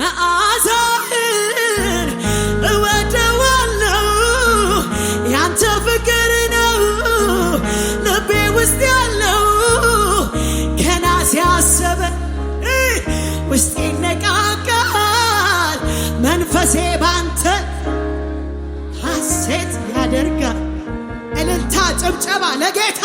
መዓዛህን እወደዋለው ያንተ ፍቅር ነው ልቤ ውስጥ ያለው ገና ሲያስበን ውስጤ ይነቃቃል መንፈሴ ባንተ ሐሴት ያደርጋል እልልታ ጭብጨባ ለጌታ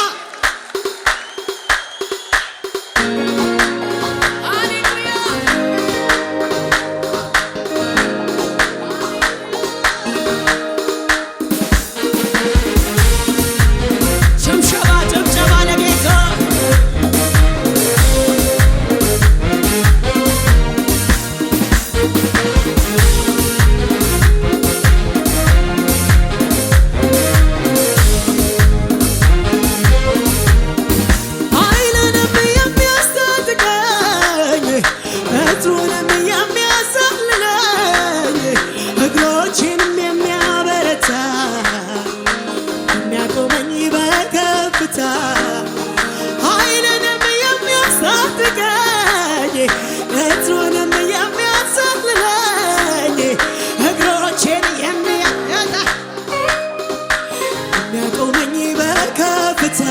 ያቀው ነኝ በከፍታ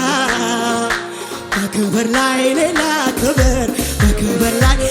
በክብር ላይ ሌላ ክብር በክብር ላይ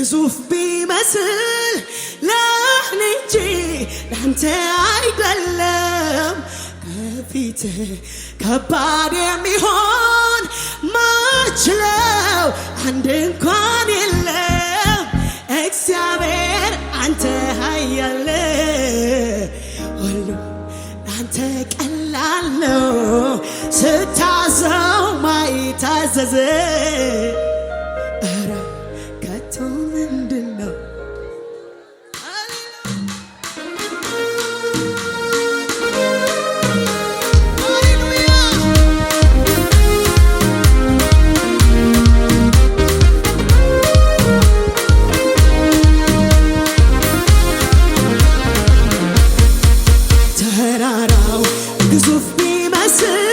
ግዙፍ ቢመስል ለእኔ እንጂ ለአንተ አይደለም። ከፊት ከባድ የሚሆን ማችለው አንድ እንኳን የለም። እግዚአብሔር አንተ ኃያል ሁሉ አንተ ቀላል ነው ስታዘው ማይታዘዝ ግዙፍ ቢመስል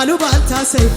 ባሉ ባልታሰብ